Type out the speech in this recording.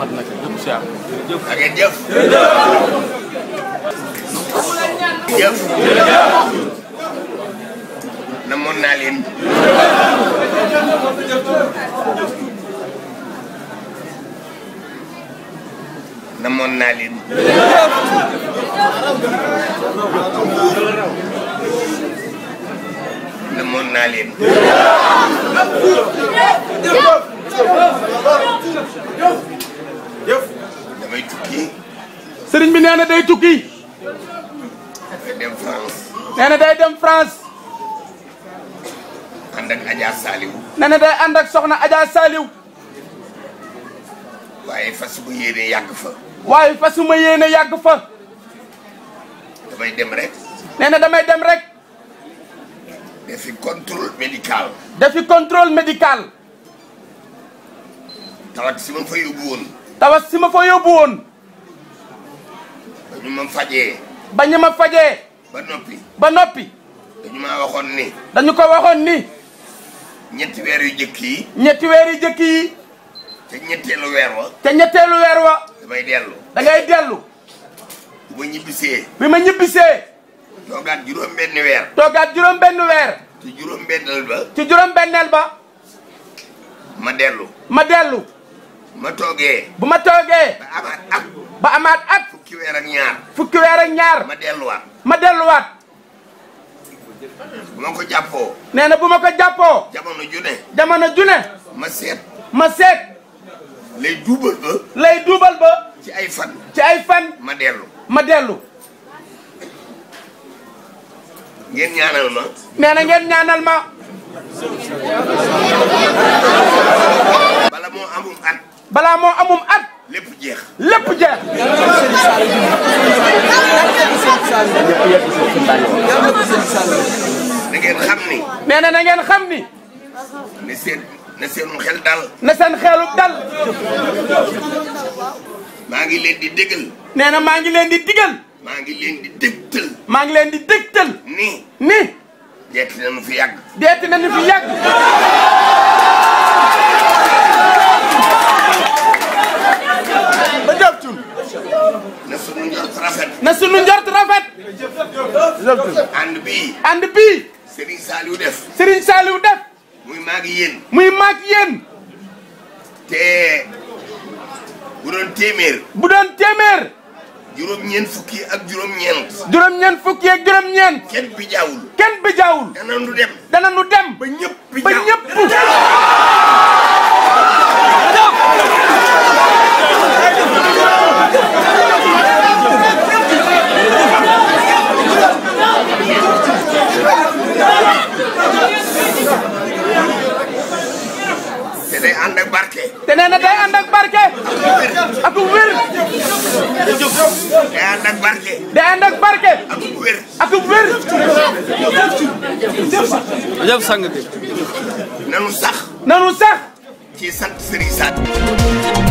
giúp giúp jëm si giúp giúp da ngeen jëf. jëf. na mën naa leen. namoon naa leen namoon naa leen serigne bi neena day tukki. dem France. day dem France. andak Adja saliw neena day andak soxna Adja saliw waye fas bu yene yag fa. waye fas ma yene yag fa. damay dem rek. neena damay dem rek. defi contrôle médical. defi contrôle médical. tawat sima fa yobou won tawat sima fa yobou won ñu ma fajee. ba ñu ma fajee. ba noppi. ba noppi. dañu ma waxoon ni. dañu ko waxoon ni. ñetti weer yu jëkk yi. ñetti weer yu jëkk yi. te ñetteelu weer wa. te ñetteelu weer wa. damay dellu. da ma ñibbisee. bi ma ñibbisee. toogaat juróom benn weer. toogaat juróom benn weer. ci juróom benneel ba. ci juróom ma dellu. ma dellu. ma toogee. bu ma toogee. ba ba amaat at fukki weer ak ñaar fukki weer ak ñaar ma delluwaat ma delluwaat bu ma ko jàppoo nee na ma ko jàppoo jamono ju jamono ju ma seet ma seet lay duubal ba lay duubal ba ci ay fan ci ay fan ma delu ma delu ngeen ñaanal ma neena ngeen ñaanal ma bala mo amum at bala mo amum lépp jeex. na ngeen xam ni. nee na seen na seenum xel dal. na seen xelu dal. maa ngi leen di digal. nee na maa ngi leen di digal. maa ngi leen di dégtal. maa ngi leen di dégtal. nii. nii. deeti fi yàgg. deeti nañu fi yàgg. jëftul. na sunu njort rafet. na sunu njort rafet. ànd bii. ànd bii. Serigne Saliou def. Serigne Saliou def. muy maag yéen. muy maag yéen. te bu doon téeméer. bu doon téeméer. juróom-ñeent fukki ak juróom-ñeent. juróom-ñeent fukki ak juróom-ñeent. kenn bi te nee na day ànd ak barke. ak wér. day ànd ak barke. day ànd ak barke. ak wér. ak wér. jëf sang bi. nanu sax. nanu sax. ci sant Serigne Sadio.